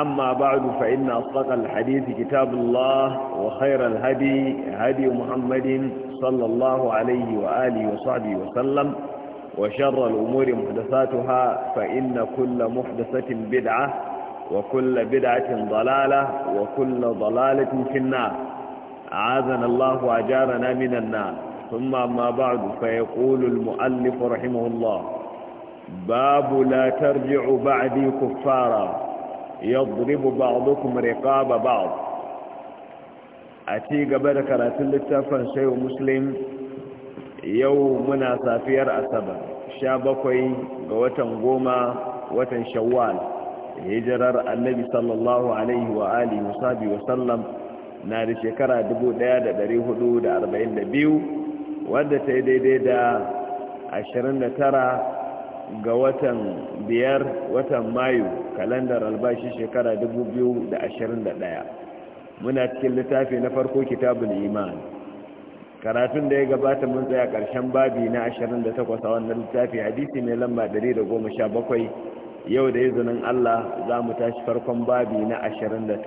أما بعد فإن أصدق الحديث كتاب الله وخير الهدي هدي محمد صلى الله عليه وآله وصحبه وسلم وشر الأمور محدثاتها فإن كل محدثة بدعة وكل بدعة ضلالة وكل ضلالة في النار أعاذنا الله وأجارنا من النار ثم ما بعد فيقول المؤلف رحمه الله باب لا ترجع بعدي كفارا yadribu ba'dukum riqaba ba'd a ci gaba da karatun littafin sayo muslim yau muna safiyar asabar sha bakwai ga watan goma watan shawwal hijirar annabi sallallahu alaihi wa alihi wasabi wasallam na da shekara 1442 wadda ta yi daidai da 29 ga watan biyar watan mayu kalandar albashi shekara ɗaya, muna cikin littafi na farko kitabul iman karatun da ya gabata mun tsaya karshen babi na 28 a wannan littafi hadisi mai lamba 117 yau da izinin Allah za mu tashi farkon babi na 29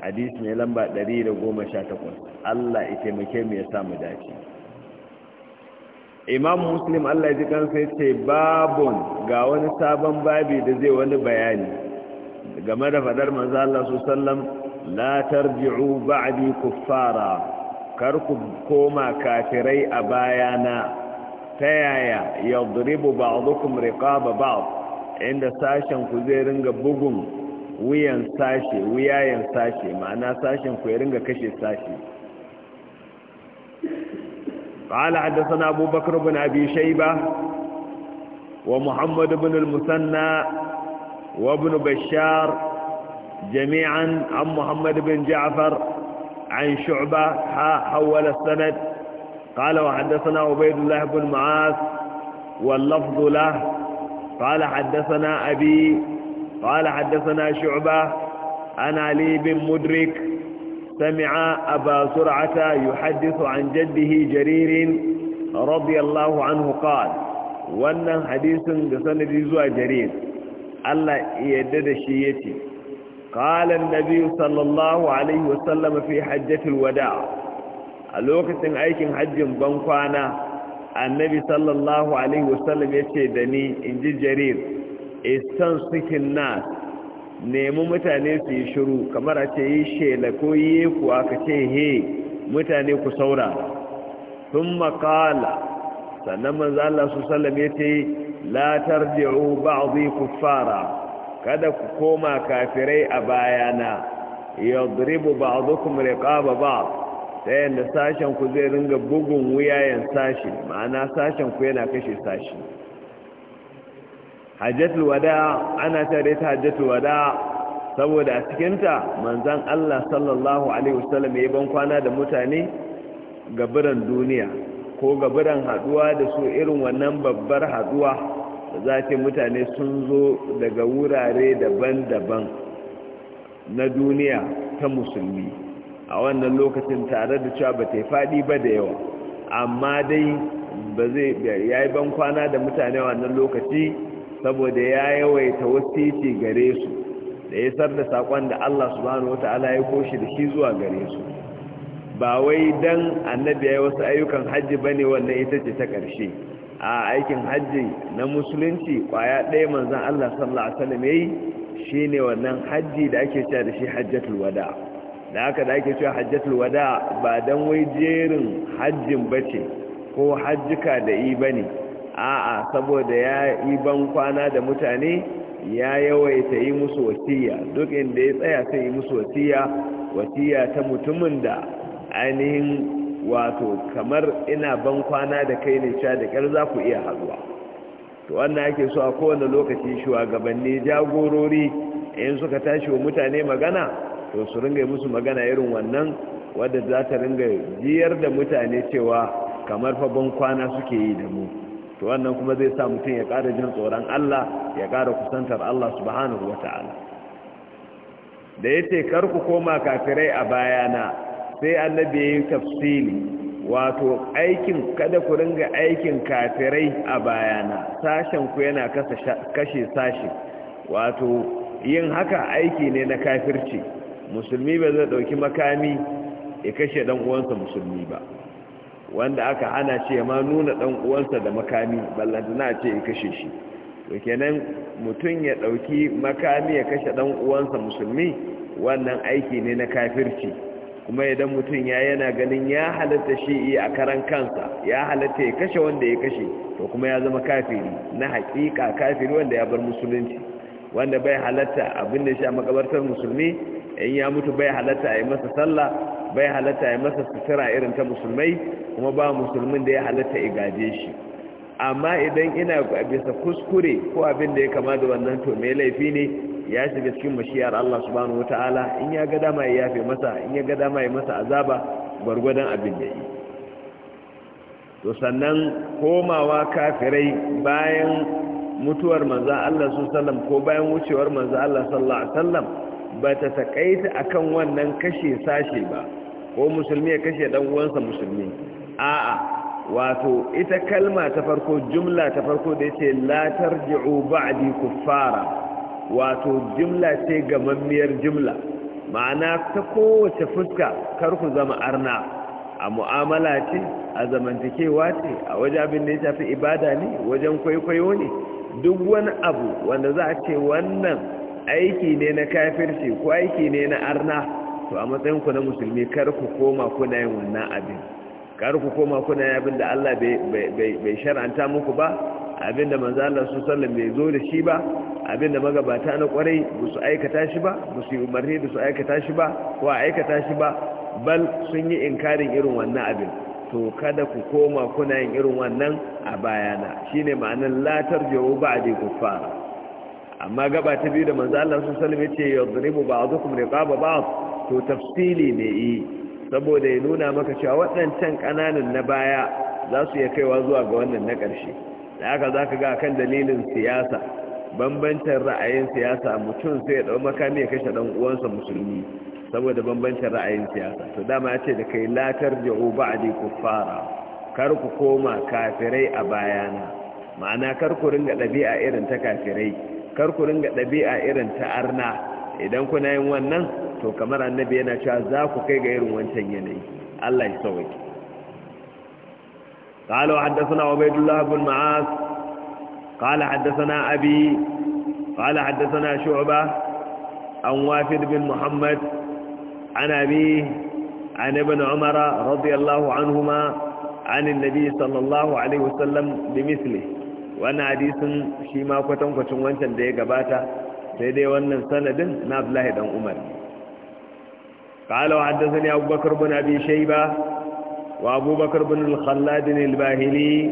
hadisi mai lamba 118 Allah ya taimake mu ya mu dace imam muslim allah ji kan sai ce babun ga wani sabon babi da zai wani bayani game da fadar manzo allah su sallam la tarji'u ba'di kuffara kar ku koma kafirai a bayana ta yaya yadribu ba'dukum riqaba ba'd inda sashen ku zai ringa bugun wuyan sashe wuyayen sashe ma'ana sashen ku ya ringa kashe sashe قال حدثنا أبو بكر بن أبي شيبة ومحمد بن المثنى وابن بشار جميعا عن محمد بن جعفر عن شعبة حول السند قال وحدثنا عبيد الله بن معاذ واللفظ له قال حدثنا أبي قال حدثنا شعبة أنا لي بن مدرك سمع أبا سرعة يحدث عن جده جرير رضي الله عنه قال وأن حديث بسند زوى جرير ألا يدد شيئتي قال النبي صلى الله عليه وسلم في حجة الوداع الوقت أيكن حج بنقانا annabi sallallahu alaihi wasallam ya ce da ni in ji jarir istansikin nas nemi mutane su yi shiru kamar a ce yi shela ko yi ku aka ce he mutane ku saura sun makala sannan manzan Allah su sallame ce a zai ku fara kada ku koma kafirai a bayana yadribu ba'dukum riqaba ba ta yadda sashen ku zai ringa bugun wuyayen sashi ma'ana sashen ku yana kashe sashi hajjatul wada ana tare ta hajjatul wada saboda a cikinta manzan Allah sallallahu alaihi wasallam ya ban kwana da mutane gaburan duniya ko gabiran haduwa da su irin wannan babbar haduwa za ce mutane sun zo daga wurare daban-daban na duniya ta musulmi a wannan lokacin tare da cewa ba ta faɗi ba da yawa amma dai ba zai yayi ban kwana da mutane wannan lokaci saboda ya yawaita wasiti gare su da ya sar da saƙon da Allah subhanahu Ta'ala ya koshi da shi zuwa gare su ba wai dan annabi ya yi wasu ayyukan hajji ba ne wannan ita ce ta ƙarshe a aikin hajji na musulunci ƙwaya ɗaya manzan Allah sallallahu alaihi wasallam ya yi shi ne wannan hajji da ake cewa da shi hajjatul da haka da ake cewa hajjatul wada ba dan wai jerin hajjin bace ko hajjika da yi bane a'a saboda ya yi ban kwana da mutane ya yawaita yi musu wasiya duk inda ya tsaya sai yi musu wasiya wasiya ta mutumin da ainihin wato kamar ina ban kwana da kai ne sha da kyar za ku iya haɗuwa to wannan ake so a kowane lokaci shugabanni jagorori in suka tashi wa mutane magana to su ringa musu magana irin wannan wadda za ta ringa jiyar da mutane cewa kamar fa ban kwana suke yi da mu to wannan kuma zai sa mutum ya ƙara jin tsoron Allah ya ƙara kusantar Allah subhanahu wa ta'ala da ya ce karku koma kafirai a bayana sai annabi ya yi tafsili wato aikin kada ku ringa aikin kafirai a bayana sashen ku yana kashe sashe, wato yin haka aiki ne na kafirci musulmi ba zai ɗauki makami ya kashe ɗan uwansa musulmi ba wanda aka hana ce ma nuna dan uwansa da makami ballantana ce ya kashe shi to kenan mutum ya dauki makami ya kashe dan uwansa musulmi wannan aiki ne na kafirci kuma idan mutum ya yana ganin ya halatta shi a karan kansa ya halatta ya kashe wanda ya kashe to kuma ya zama kafiri na hakika kafiri wanda ya bar musulunci wanda bai halatta abin da shi a makabartar musulmi in ya mutu bai halatta a yi masa sallah bai halatta ya masa sutura irin ta musulmai kuma ba musulmin da ya halatta ya gaje shi amma idan ina bisa kuskure ko abin da ya kama da wannan to mai laifi ne ya shiga cikin mashiyar Allah subhanahu wataala in ya ga dama ya yafe masa in ya ga dama ya masa azaba gwargwadon abin da yi to sannan komawa kafirai bayan mutuwar manzo Allah sallam ko bayan wucewar manzo Allah sallallahu alaihi wasallam ba ta takaita akan wannan kashe sashe ba ko musulmi ya kashe dan uwansa musulmi a'a wato ita kalma ta farko jumla ta farko da yace la tarji'u ba'di kuffara wato jumla ce gamammiyar jumla ma'ana ta kowace fuska kar ku zama arna a mu'amala ce a zamantakewa ce a wajen da ya shafi ibada ne wajen kwaikwayo ne duk wani abu wanda za a ce wannan aiki ne na kafirci ko aiki ne na arna to a matsayinku na musulmi kar ku koma kuna yin wannan abin kar ku koma kuna yin abin da Allah bai shar'anta muku ba abin da manzo Allah su sallam bai zo da shi ba abin da magabata na kwarai ba su aikata shi ba ba su umarni da su aikata shi ba ko aikata shi ba bal sun yi inkarin irin wannan abin to kada ku koma kuna yin irin wannan a bayana shine ma'anar latar jawo ba da fara. amma gaba ta biyu da manzo Allah sun salme ce yadribu ba'dukum riqaba ba'd to tafsili ne yi eh, saboda ya nuna maka cewa waɗancan ƙananan na baya za su iya kaiwa zuwa ga wannan na ƙarshe da haka za ka ga kan dalilin siyasa bambancin ra'ayin siyasa mutum sai ya ɗau makami ya kashe ɗan uwansa musulmi saboda bambancin ra'ayin siyasa to dama ya ce da kai latar ji'u ku fara, kar ku koma kafirai a bayana ma'ana kar ku ringa ɗabi'a irin ta kafirai kar ku ringa ɗabi'a irin ta arna idan kuna yin wannan to kamar annabi yana cewa za ku kai ga irin wancan yanayi Allah ya sauke قال وحدثنا عبيد الله بن معاذ قال حدثنا أبي قال حدثنا شعبة عن وافد بن محمد عن أبيه عن ابن عمر رضي الله عنهما عن النبي صلى الله عليه وسلم بمثله وانا حديث شيما كتن كتن وانتن دي قباتا sai dai wannan sanadin na Abdullahi dan Umar قال وحدثني أبو بكر بن أبي شيبة وأبو بكر بن الخلاد الباهلي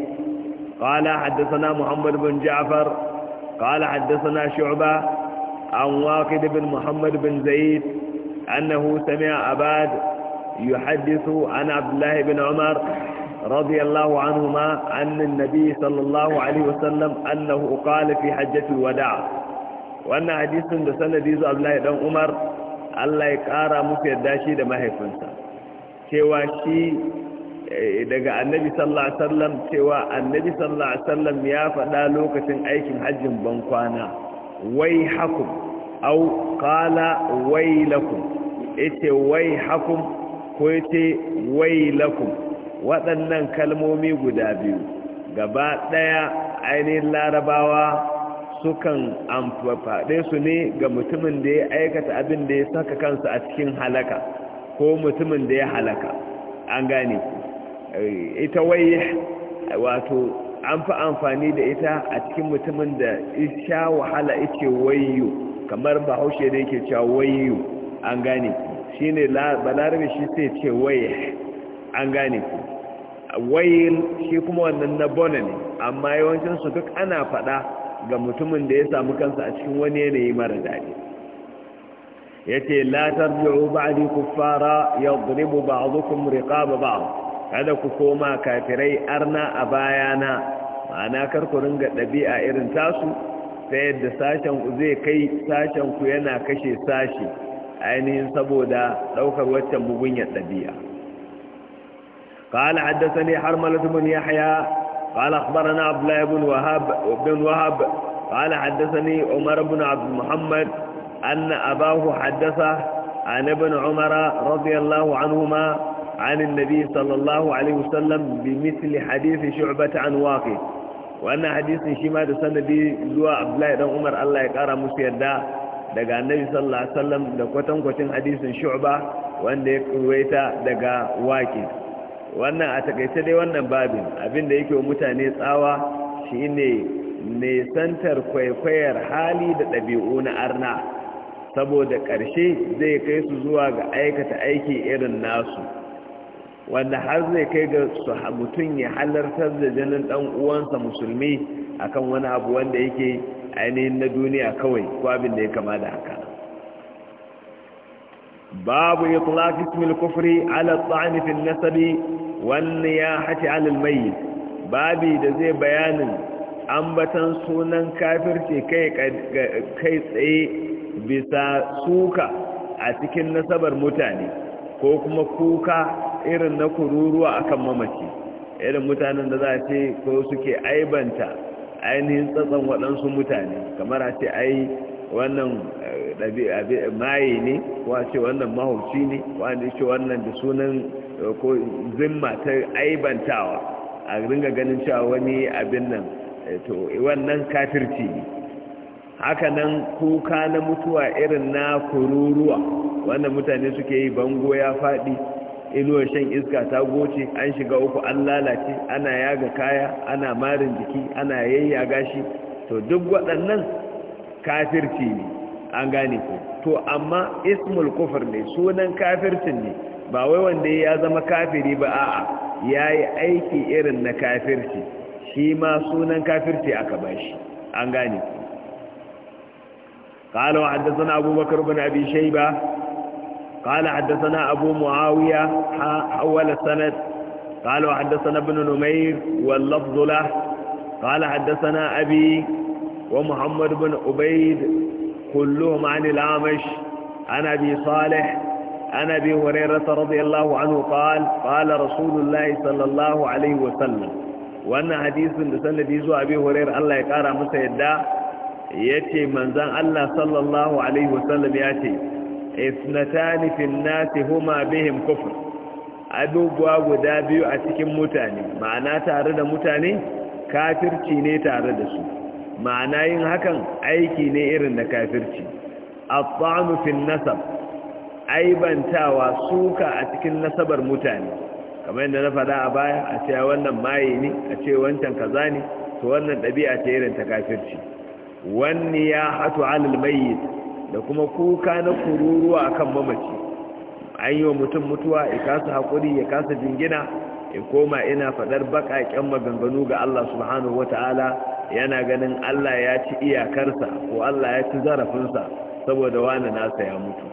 قال حدثنا محمد بن جعفر قال حدثنا شعبة عن واقد بن محمد بن زيد أنه سمع أباد يحدث عن عبد الله بن عمر رضي الله عنهما عن النبي صلى الله عليه وسلم أنه قال في حجة الوداع wannan hadisin da sanadi zuwa Abdullahi dan Umar Allah ya kara musu yadda shi da mahaifinsa cewa shi eh, daga annabi sallallahu alaihi wasallam cewa annabi sallallahu alaihi wasallam ya faɗa lokacin aikin hajjin bankwana wai hakum au qala wai lakum yace wai hakum ko yace wai lakum waɗannan kalmomi guda biyu gaba ɗaya ainihin larabawa sukan amfaɗe su ne ga mutumin da ya aikata abin da ya saka kansa a cikin halaka ko mutumin da ya halaka an gane eh, ita wai wato an fi amfani da ita a cikin mutumin da isha wahala ike wayo kamar bahaushe da yake cewa wayo an gane shi ne balarabe shi sai ce waye an gane wayil shi kuma wannan na bona ne amma yawancinsu duk ana fada. ga mutumin da ya samu kansa a cikin wani yanayi mara daɗi ya ce latar jiru ba a ku fara ya zuribu ba a zukun riƙa ba kada ku koma kafirai arna a bayana ma'ana ku ringa ɗabi'a irin tasu ta yadda sashen ku zai kai sashen ku yana kashe sashi ainihin saboda ɗaukar waccan ya ɗabi'a قال حدثني حرملة بن يحيى قال أخبرنا عبد الله بن وهاب بن وهاب قال حدثني عمر بن عبد محمد أن أباه حدثه عن ابن عمر رضي الله عنهما عن النبي صلى الله عليه وسلم بمثل حديث شعبة عن واقع وأن حديث شما تسند بي زوا عبد الله بن عمر الله يقرأ مسيدا daga annabi sallallahu alaihi wasallam da kwatankwacin hadisin shu'ba wanda ya ruwaita daga waqi' wannan a takaice dai wannan babin abinda yake wa mutane tsawa shine nesantar kwaikwayar hali da ɗabi'u na arna saboda ƙarshe zai kai su zuwa ga aikata aiki irin nasu wanda har zai kai ga su mutum ya halartar da jinin ɗan uwansa musulmi akan wani abu wanda yake ainihin na duniya kawai ko abin da ya kama da haka babu itlaq ismil kufri ala ta'ani fil nasabi wal niyahati ala al mayyit babi da zai bayanin ambatan sunan kafirci kai kai tsaye bisa suka a cikin nasabar mutane ko kuma kuka irin na kururuwa a kan mamaci irin mutanen da za a ce ko suke aibanta ainihin tsatson waɗansu mutane kamar a ce wannan eh, maye ne a ce wannan mahauci ne wani ce wannan da sunan eh, ko zimma ta aibantawa a ringa ganin cewa wani abin nan eh, to wannan kafirci ne hakanan kuka na mutuwa irin na kururuwa wannan mutane suke yi bango ya faɗi inuwar shan iska ta goce an shiga uku an lalace ana yaga kaya ana marin jiki ana yayyaga shi to duk waɗannan kafirci ne an gane ku to amma ismul kufur ne sunan kafircin ne ba wai wanda ya zama kafiri ba a'a ya yi aiki irin na kafirci shi ma sunan kafirci aka bashi an gane ku قال وحدثنا أبو بكر بن أبي شيبة قال حدثنا أبو معاوية حول السند قال وحدثنا ابن نمير واللفظ له قال حدثنا abin. ومحمد بن عبيد كلهم عن الأعمش عن أبي صالح عن أبي هريرة رضي الله عنه قال قال رسول الله صلى الله عليه وسلم وأن حديث لسنة يزو أبي هريرة الله يقارى مسيدا يأتي منزان الله صلى الله عليه وسلم يأتي اثنتان في الناس هما بهم كفر abubuwa guda biyu a cikin mutane ma'ana tare da mutane kafirci ne tare da su ma'ana yin hakan aiki ne irin da kafirci at fil nasab aibantawa suka a cikin nasabar mutane kamar yadda na faɗa a baya a ce wannan maye ne a ce wancan kaza ne to wannan ɗabi'a ce irin ta kafirci wani ya hatu alal mayyit da kuma kuka na kururuwa akan mamaci an yi wa mutum mutuwa ya kasa haƙuri ya kasa jingina in koma ina faɗar baƙaƙen maganganu ga Allah subhanahu wa ta'ala, yana ganin Allah ya ci iyakarsa ko Allah ya ci zarafinsa saboda wani nasa ya mutu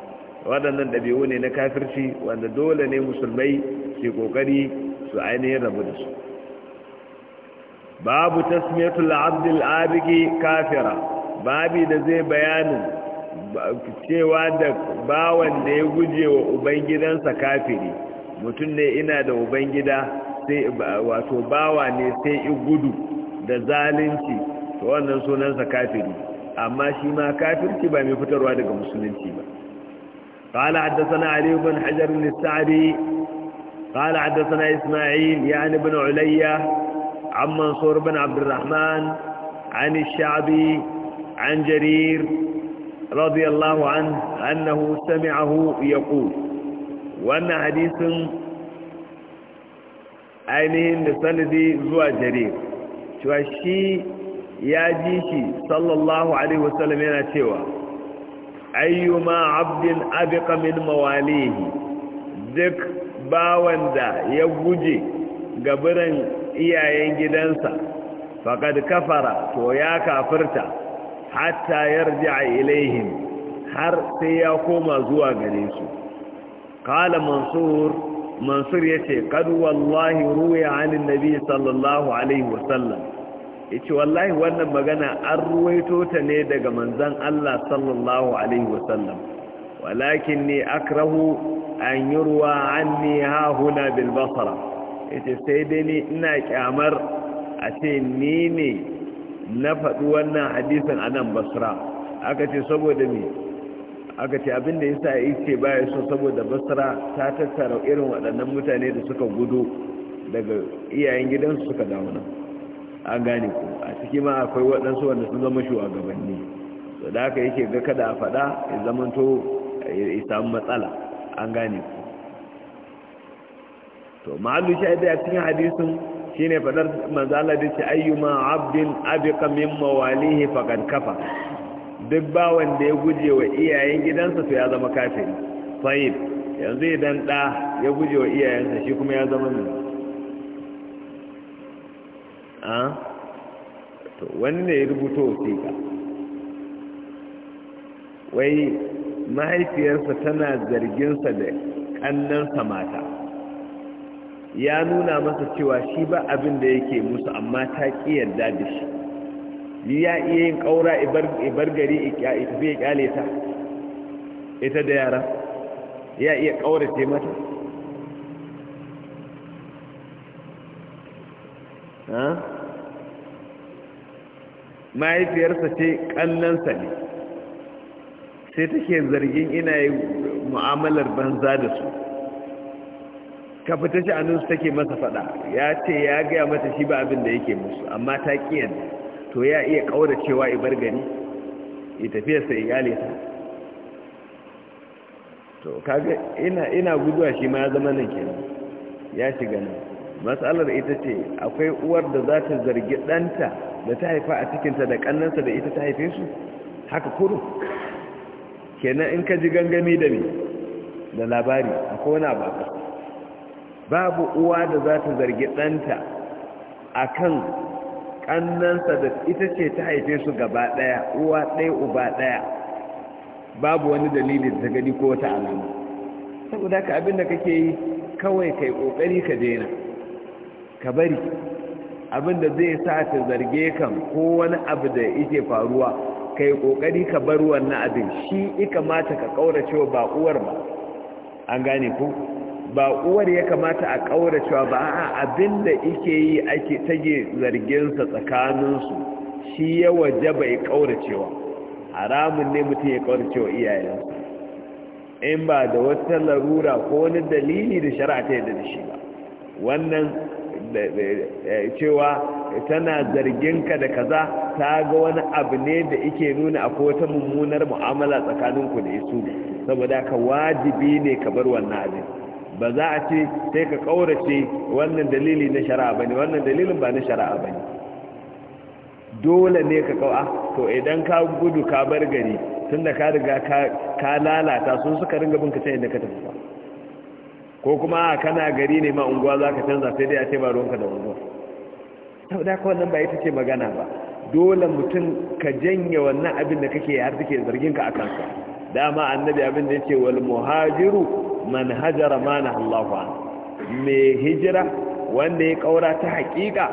waɗannan ɗabi'u ne na kafirci wanda dole ne musulmai ke ƙoƙari su ainihin rabu da su babu tasmiyatul abdul abigi kafira babi da zai bayanin cewa da bawan da ya guje wa ubangidansa kafiri mutum ne ina da ubangida sai wato bawa ne sai i gudu da zalunci to wannan sunansa kafiri amma shi ma kafirci ba mai fitarwa daga musulunci ba قال حدثنا علي بن حجر السعدي قال حدثنا إسماعيل يعني بن علية عن منصور بن عبد الرحمن عن الشعبي عن جرير رضي الله عنه أنه سمعه يقول wannan hadisin ainihin da sanadi zuwa jari cewa shi ya ji shi sallallahu alaihi wasallam yana cewa ayyuma abdin abiqa min mawalihi duk bawan da ya guje gaburan iyayen gidansa faqad kafara to ya kafirta hatta yarji'a ilaihim har sai ya koma zuwa gare su منصور mansur يتي yace والله wallahi عن النبي nabi sallallahu alaihi وسلم يتي wallahi wannan magana an ruwaito ta ne daga manzon Allah sallallahu alaihi wasallam walakinni akrahu an yurwa anni ha huna bil basra yace sai dai ni ina kyamar a ce ni ne na faɗi wannan hadisin a nan basra aka ce saboda me aka ce abin da yasa yi ce baya so saboda basra ta tattara irin waɗannan mutane da suka gudu daga iyayen gidansu suka dawo nan an gane ku a ciki ma akwai waɗansu wanda sun zama shugabanni so da haka yake ga kada a faɗa ya zamanto ya samu matsala an gane ku to ma'allu shaida a cikin hadisin shine fadar manzo Allah da ce ayyuma abdin abiqa min mawalihi faqad kafa duk bawan da ya guje wa iyayen gidansa to ya zama kafiri fahim yanzu idan ɗa ya guje wa iyayensa shi kuma ya zama ne a to wani ne ya rubuta wasiƙa wai mahaifiyarsa tana zarginsa da ƙannansa mata ya nuna masa cewa shi ba abin da yake musu amma ta ƙi yarda da shi ya iya yin ƙaura ibar gari tafi ƙyale ta ita da yara ya iya ce mata mahaifiyarsa ce ƙannansa ne sai take zargin ina yi mu'amalar banza da su ka fita su take masa fada ya ce ya gaya mata shi ba abin da yake musu amma ta ƙiyar to ya iya kaura cewa ibar gani ya sai iyali ta to kaga ina ina guduwa shi ma ya zama nan kenan ya shiga nan matsalar ita ce akwai uwar da za ta zargi ɗanta da ta haifa a cikinta da ƙannansa da ita ta haife su haka kuru kenan in ka ji gangami da me da labari a kona ba babu uwa da za ta zargi ɗanta a kan ƙannansa da ita ce ta haife su gaba ɗaya uwa ɗaya uba ɗaya babu wani dalili da ta gani ko wata alama saboda ka abin da kake yi kawai kai ƙoƙari ka daina ka bari abin da zai sa ta zarge kan ko wani abu da yake faruwa kai ƙoƙari ka bar wannan abin shi ika mata ka ƙauracewa cewa ba uwar ba an gane ku ba uwar ya kamata a ƙaura cewa ba a abin da ike yi ake tage zarginsa tsakaninsu shi ya waje bai ƙaura cewa haramun ne mutum ya ƙaura cewa iyayensu. in ba da wata larura ko wani dalili da shari'a ta yadda da shi ba wannan cewa tana zarginka da kaza ta ga wani abu ne da ike nuna ko wata mummunar mu'amala tsakaninku da su saboda ka wajibi ne ka bar wannan abin ba za a ce sai ka kaurace wannan dalili na shari'a bane wannan dalilin ba na shari'a bane dole ne ka kawo ah, to idan ka gudu ka bar gari tunda ka riga ka lalata sun suka ringa bin ka ta inda ka tafi ko kuma ah, kana gari ne ma unguwa za ka canza sai dai a ce ba ruwanka da unguwa sau da ka wannan ba ita ce magana ba dole mutum ka janye wannan abin da kake har suke zargin ka a kansa dama annabi abin da ya ce wal muhajiru man hajara ma Allahu an hijira wanda ya kaura ta hakika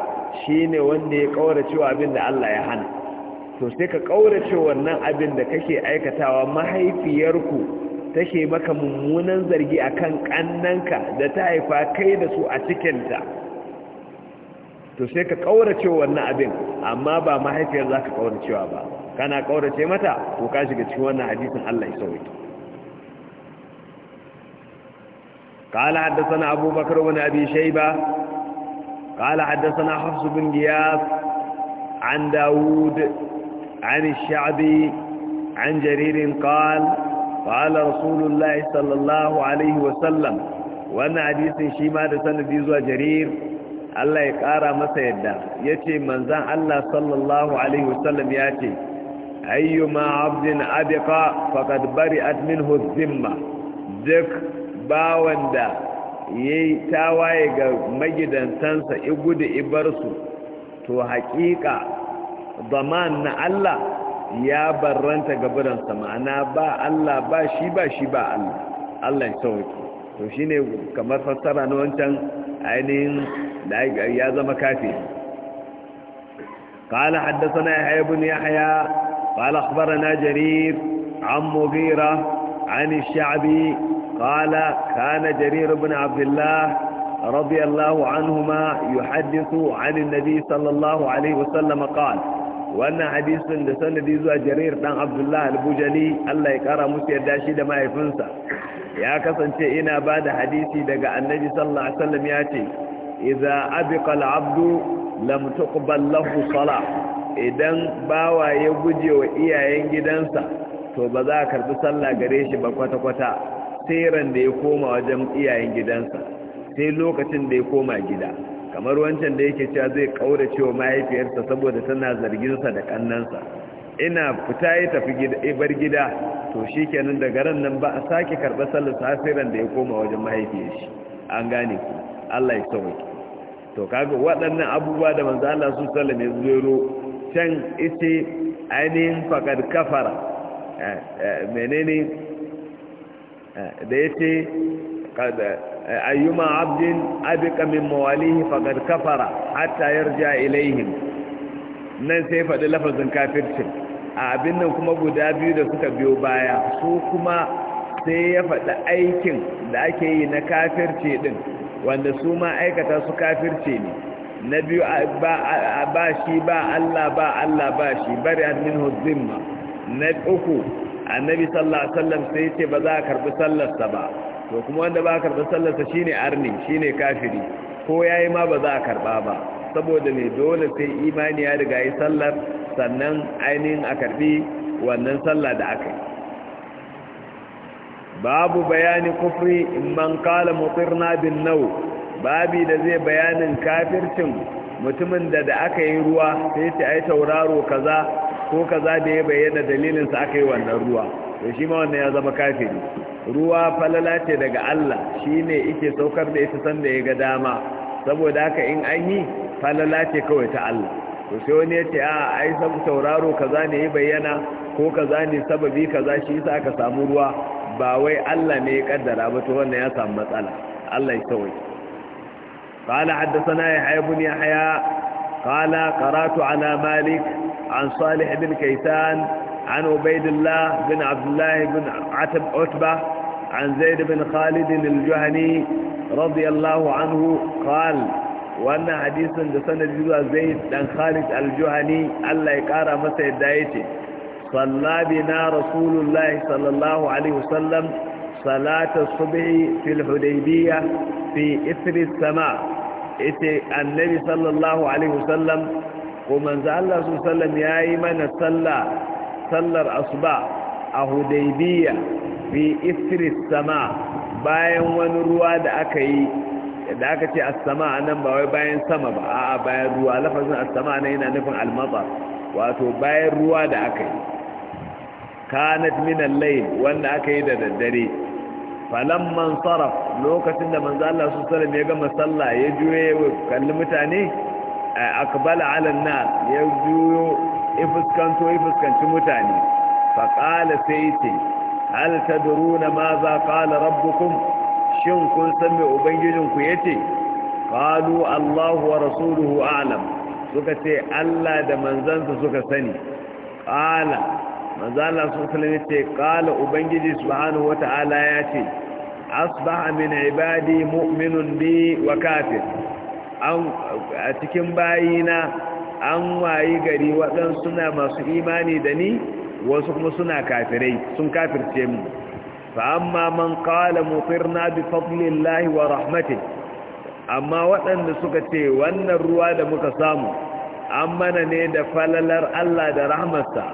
shine wanda ya kaura cewa abin da Allah ya hana to sai ka kaura cewa wannan abin da kake aikatawa mahaifiyarku take maka mummunan zargi akan kannanka da ta haifa kai da su a cikinta to sai ka cewa wannan abin amma ba mahaifiyar za ka cewa ba kana kaurace mata to ka shiga cikin wannan hadisin Allah ya sauke قال حدثنا أبو بكر بن أبي شيبة قال حدثنا حفص بن جياس عن داود عن الشعبي عن جرير قال قال رسول الله صلى الله عليه وسلم وانا حديث شيما ده سندي زوا جرير الله يقارا masa yadda yace manzon Allah sallallahu alaihi wasallam yace ayyuma abdin abqa faqad bari'at minhu dhimma duk bawan da ya yi tawaye ga magidantansa igudu ibarsu to hakika zaman na Allah ya barranta gaburansa ma'ana ba Allah ba shi ba shi ba Allah Allah ya sauki to shi ne kamar fassara na wancan ainihin da ya zama kafi قال حدثنا يحيى بن يحيى قال اخبرنا جرير عن مغيرة عن الشعبي kala kana جرير بن عبد الله رضي الله عنهما يحدث عن النبي صلى الله عليه وسلم wannan hadisin da sanadi zuwa jarir dan abdullahi al-bujali Allah ya kara musu yarda shi da mahaifinsa ya kasance ina ba da hadisi daga annabi sallallahu alaihi wasallam ya ce idza abiqa abdu lam lahu salah idan bawa ya guje wa iyayen gidansa to ba za a karbi sallah gare shi ba kwata kwata sai da ya koma wajen iyayen gidansa sai lokacin da ya koma gida kamar wancan da yake cewa zai kaura cewa mahaifiyarsa saboda tana zarginsa da kannansa ina fita ya tafi gida bar gida to shikenan daga ran nan ba a sake karɓar sallar safiran da ya koma wajen mahaifiyar shi an gane ku Allah ya sauke to kaga waɗannan abubuwa da manzo Allah su sallam ne can ice ainihin faqad kafara eh, eh, menene da ya ce ayyuma abdin abika min mawalihi faqad kafara hatta yarja ilaihim nan sai faɗi lafazin kafircin a abin nan kuma guda biyu da suka biyo baya su kuma sai ya faɗi aikin da ake yi na kafirce din wanda su ma aikata su kafirce ne na biyu ba shi ba Allah ba Allah ba shi bari admin huzimma na uku annabi sallallahu alaihi wasallam sai yace ba za a karbi sallarsa ba to kuma wanda ba karbi sallarsa shine arni shine kafiri ko yayi ma ba za a karba ba saboda ne dole sai imani ya riga yi sallar sannan ainihin a karbi wannan sallar da aka yi babu bayani kufri in man kala mutirna bin nau babi da zai bayanin kafircin mutumin da da aka yi ruwa sai ta ai tauraro kaza ko kaza da ya bayyana dalilinsa aka yi wannan ruwa to shi ma wannan ya zama kafiri ruwa falala ce daga Allah shi ne ike saukar da ita sanda ya ga dama saboda haka in an yi falala ce kawai ta Allah to sai wani ya ce a ai sabu kaza ne ya bayyana ko kaza ne sababi kaza shi yasa aka samu ruwa ba wai Allah ne ya kaddara ba to wannan ya samu matsala Allah ya kawai قال حدثنا يحيى بن يحيى قال قرات على مالك عن صالح بن كيسان عن عبيد الله بن عبد الله بن عتب عتبة عن زيد بن خالد الجهني رضي الله عنه قال وأن حديثا لسنة جزء زيد بن خالد الجهني ألا يقارى متى يدعيته صلى بنا رسول الله صلى الله عليه وسلم صلاة الصبح في الحديبية في إثر السماء إتي النبي صلى الله عليه وسلم ko manzo Allah su sallam ya yi mana sallah sallar asuba a hudaybiya fi istris sama bayan wani ruwa da aka yi da aka ce as-sama nan ba wai bayan sama ba a'a bayan ruwa lafazin as-sama nan yana nufin al-matar wato bayan ruwa da aka yi kanat min al-layl wanda aka yi da daddare falamman saraf lokacin da manzo Allah su sallam ya gama sallah ya juye kalli mutane akbala ala nas ya juyo ifuskanto ifuskanci mutane fa qala sai ce hal ta tadruna ma za qala rabbukum shin kun san me ubangijin ku ce? Ƙalu Allahu wa rasuluhu a'lam suka ce Allah da manzansa suka sani Ƙala, manzala sallallahu alaihi wasallam ce ƙala ubangiji subhanahu wa wataala yace asbaha min ibadi mu'minun bi wa kafir a cikin bayina an wayi gari waɗansu suna masu imani da ni wasu kuma suna kafirai sun kafirce mu fa amma man qala mutirna bi fadlillahi wa rahmatih amma waɗanda suka ce wannan ruwa da muka samu an mana ne da falalar Allah da rahmarsa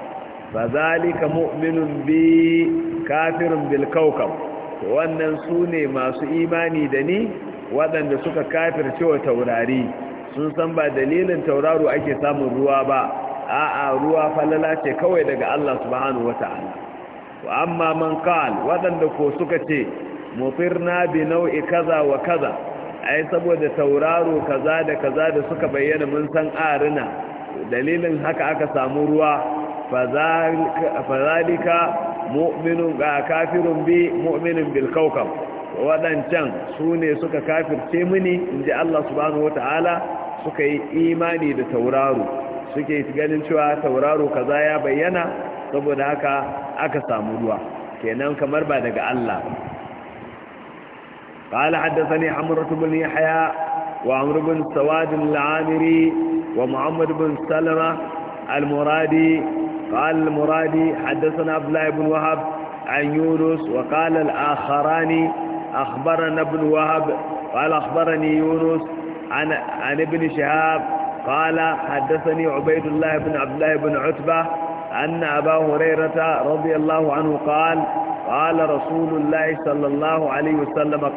fa zalika mu'minun bi kafirun bil kawkab wannan sune masu imani da ni waɗanda suka kafircewa taurari sun san ba dalilin tauraro ake samun ruwa ba a'a ruwa falala ce kawai daga Allah subhanahu wata'ala wa amma man qal waɗanda ko suka ce mutirna bi nau'i kaza wa kaza ai saboda tauraro kaza da kaza da suka bayyana mun san arina dalilin haka aka samu ruwa fazalika mu'minun kafirun bi mu'minun bil kawkab waɗancan su ne suka kafirce mini in ji Allah subhanahu ta'ala suka yi imani da tauraro suke ganin cewa tauraro kaza ya bayyana saboda haka aka samu ruwa kenan kamar ba daga Allah قال حدثني حمرة بن يحيى وعمر بن سواد العامري ومحمد بن سلمة المرادي قال المرادي حدثنا عبد الله بن وهب عن يونس وقال الآخران أخبرنا ابن وهب قال أخبرني يونس عن, عن ابن شهاب قال حدثني عبيد الله بن عبد الله بن عتبة أن أبا هريرة رضي الله عنه قال قال رسول الله صلى الله عليه وسلم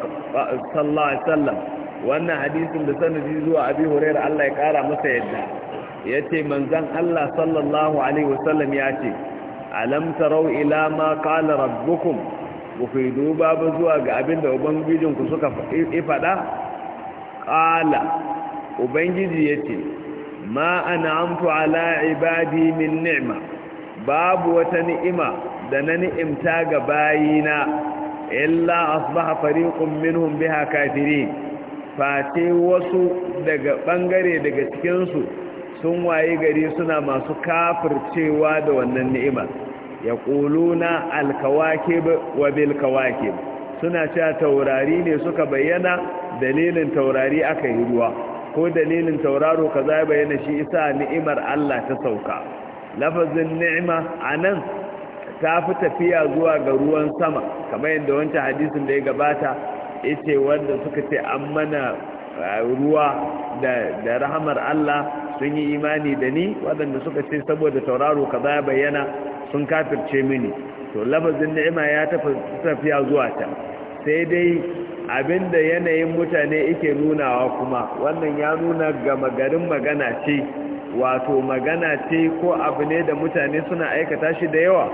صلى الله عليه وسلم wannan hadisin da sanadi zuwa abi hurairah Allah ya kara masa yadda yace manzon Allah sallallahu alaihi wasallam ya ce alam tarau ila ma qala rabbukum ku duba ba zuwa ga abin da ubangijinku suka faɗa ƙala ubangiji ya ce ma ana amtu ala ibadi min ni'ma babu wata ni'ima da na ni'imta ga bayina illa asbaha fariqun minhum biha kafirin fate wasu daga bangare daga cikin su sun waye gari suna masu kafircewa da wannan ni'imar ya ƙuluna alkawakib wa bilkawakib suna cewa taurari ne suka bayyana dalilin taurari aka yi ruwa ko dalilin tauraro ka za bayyana shi isa ni'imar Allah ta sauka lafazin ni'ima a nan ta fi tafiya zuwa ga ruwan sama kamar yadda wancan hadisin da ya gabata ita wanda suka ce an mana eh, ruwa da rahamar Allah sun yi imani da ni waɗanda suka ce saboda tauraro kaza ya bayyana sun kafirce mini to lafazin ni'ima ya tafiya zuwa ta sai dai abinda yanayin mutane ike nunawa kuma wannan ya nuna ga garin magana ce wato magana ce ko abu ne da mutane suna aikata shi da yawa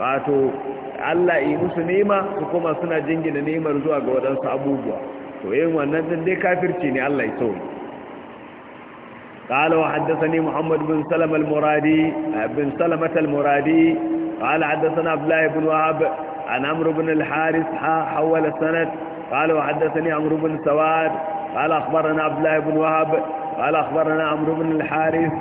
wato Allah yi musu nema su kuma suna jingina nemar zuwa ga waɗansu abubuwa to yin wannan din dai kafirci ne Allah ya sauri قال وحدثني محمد بن سلم المرادي بن سلمة المرادي قال حدثنا عبد الله بن وهب عن عمرو بن الحارث حول السند قال وحدثني عمرو بن سواد قال أخبرنا عبد الله بن وهب قال أخبرنا عمرو بن الحارث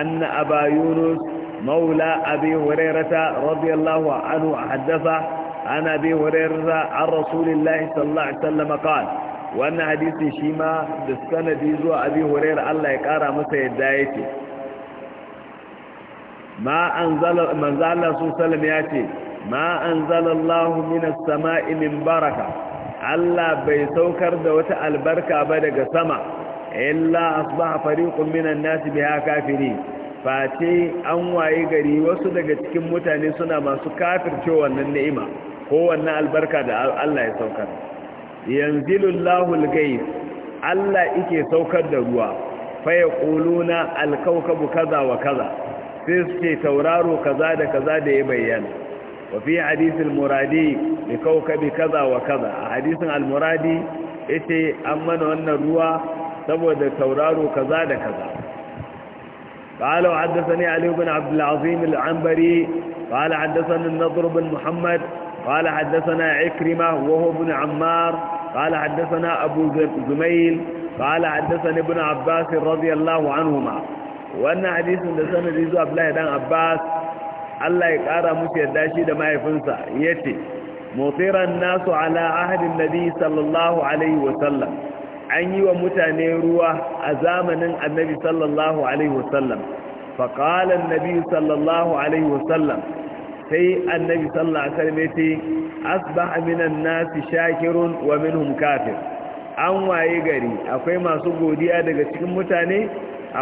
أن أبا يونس مولى أبي هريرة رضي الله عنه حدثه عن أبي هريرة عن رسول الله صلى الله عليه وسلم قال wannan hadisi shi ma da sanadi zuwa abi hurairar Allah ya kara masa yadda yake ma anzala Allah su sallam ya ce ma anzalallahu minas sama'i min baraka Allah bai saukar da wata albarka ba daga sama illa asbaha fariqun minan nas biha kafiri Fati an waye gari wasu daga cikin mutane suna masu kafircewa wannan ni'ima ko wannan albarka da Allah ya saukar yanzilullahu al Allah yake saukar da ruwa faya ƙuluna al-kawkabu kaza wa kaza sai suke tauraro kaza da kaza da ya bayyana wafi fi hadith muradi bi kaza wa kaza a hadithin almuradi ita yace an mana wannan ruwa saboda tauraro kaza da kaza قال وحدثني علي بن عبد العظيم العنبري قال حدثنا النضر بن محمد قال حدثنا عكرمة وهو بن عمار قال حدثنا أبو زميل قال حدثنا ابن عباس رضي الله عنهما وأن حديث لسنة ريزو أبلاه دان عباس الله يقارى مشي الداشي دما يفنسى يتي مطير الناس على عهد النبي صلى الله عليه وسلم an yi wa mutane ruwa a zamanin annabi sallallahu alaihi wasallam faƙalan nabi sallallahu alaihi wasallam sai annabi sallallahu alaihi wasallam yace asbaha minan nasi shakirun wa minhum kafir an waye gari akwai masu godiya daga cikin mutane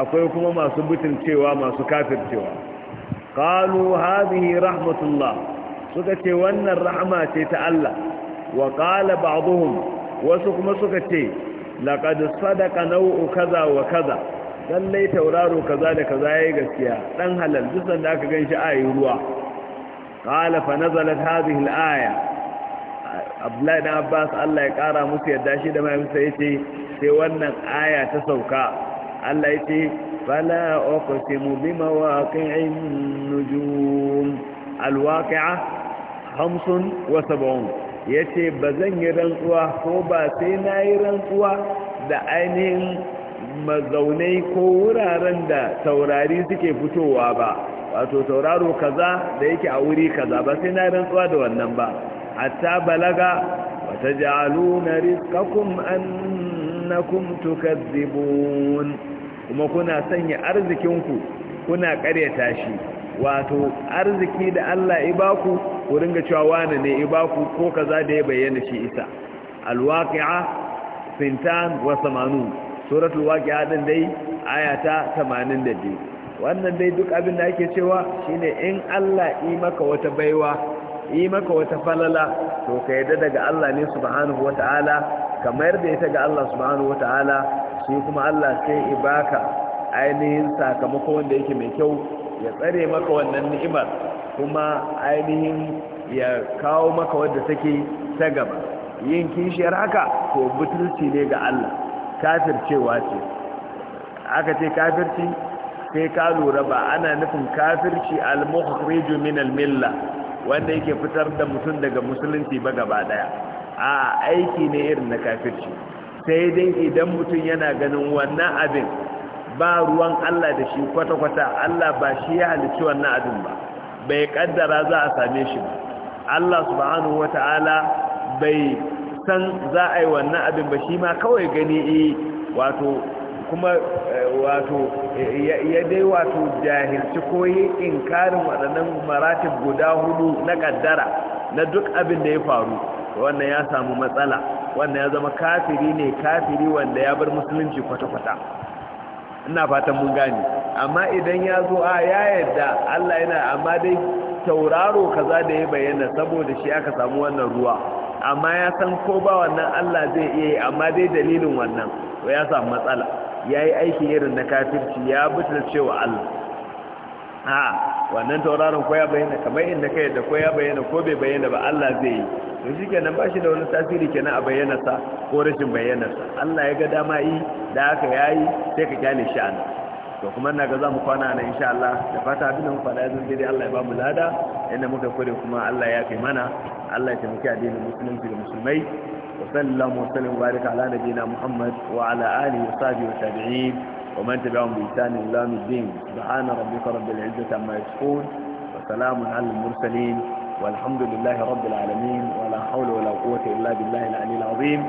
akwai kuma masu butulcewa masu kafircewa qalu hadhihi rahmatullah suka ce wannan rahama ce ta Allah wa qala ba'dhum wasu kuma suka ce laqad sadaqa naw'u kaza wa kaza lallai tauraro kaza da kaza yayi gaskiya dan halal duk sanda aka ganshi ayi ruwa qala fa nazalat hadhihi al-aya Abdullahi da Abbas Allah ya kara musu yadda shi da mai musu yace sai wannan aya ta sauka Allah yace fala uqsimu bi mawaqi'in nujum al-waqi'a 75 yace bazan yi rantsuwa ko ba sai nayi rantsuwa da ainihin mazaunai ko wuraren da taurari suke fitowa ba wato tauraro kaza da yake a wuri kaza ba sai na rantsuwa da wannan ba hatta balaga wata na rizqakum annakum tukadzibun kuma kuna sanya arzikinku kuna karyata shi wato arziki da Allah ya baku ku ringa cewa wani ne ya baku ko kaza da ya bayyana shi isa alwaqi'a fintan wa samanu suratul waqi'a din dai ayata 82 wannan dai duk abin da ake cewa shine in Allah yi maka wata baiwa yi maka wata falala to ka yarda daga Allah ne subhanahu wata'ala ka da ita ga Allah subhanahu wata'ala shi kuma Allah sai ibaka ainihin sakamako wanda yake mai kyau ya tsare maka wannan ni'imar kuma ainihin ya kawo maka wadda take ta gaba yin kishiyar haka ko butulci ne ga Allah kafircewa ce aka ce kafirci sai ka lura ba ana nufin kafirci al-mukhriju min al-milla wanda yake fitar da mutum daga musulunci ba gaba daya a aiki ne irin na kafirci sai dai idan mutum yana ganin wannan abin ba ruwan Allah da shi kwata-kwata Allah ba shi ya halicci wannan abin ba bai kaddara za a same shi ba Allah subhanahu wata'ala bai san za a yi wannan abin ba shi ma kawai gani eh, wato kuma eh, wato ya dai wato jahilci ko yi inkarin waɗannan maratib guda hudu na ƙaddara na duk abin da ya faru wannan ya samu matsala wannan ya zama kafiri ne kafiri wanda ya bar musulunci kwata-kwata ina fatan mun gani amma idan ya zo a ya yadda Allah yana amma dai tauraro kaza da ya bayyana saboda shi aka samu wannan ruwa amma ya san ko ba wannan Allah zai iya yi amma dai dalilin wannan ya samu matsala ya yi aiki irin na kafirci ya butar cewa Allah a wannan tauraron ko ya bayyana kamar inda kai da ko ya bayyana ko bai bayyana ba Allah zai yi to shi kenan ba shi da wani tasiri kenan a bayyanarsa ko rashin bayyanarsa Allah ya ga dama yi da haka ya yi sai ka kyale shi a to kuma na ga za mu kwana nan insha Allah da fata abin da mu faɗa yanzu dai Allah ya ba mu lada inda muka kure kuma Allah ya kai mana Allah ya taimaki addinin musulunci da musulmai وسلم وسلم وبارك على نبينا محمد وعلى آله وصحبه والتابعين ومن تبعهم بإحسان إلى الدين سبحان ربك رب العزة عما يصفون وسلام على المرسلين والحمد لله رب العالمين ولا حول ولا قوة إلا بالله العلي العظيم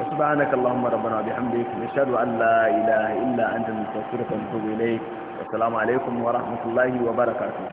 وسبحانك اللهم ربنا وبحمدك نشهد أن لا إله إلا أنت نستغفرك ونتوب إليك والسلام عليكم ورحمة الله وبركاته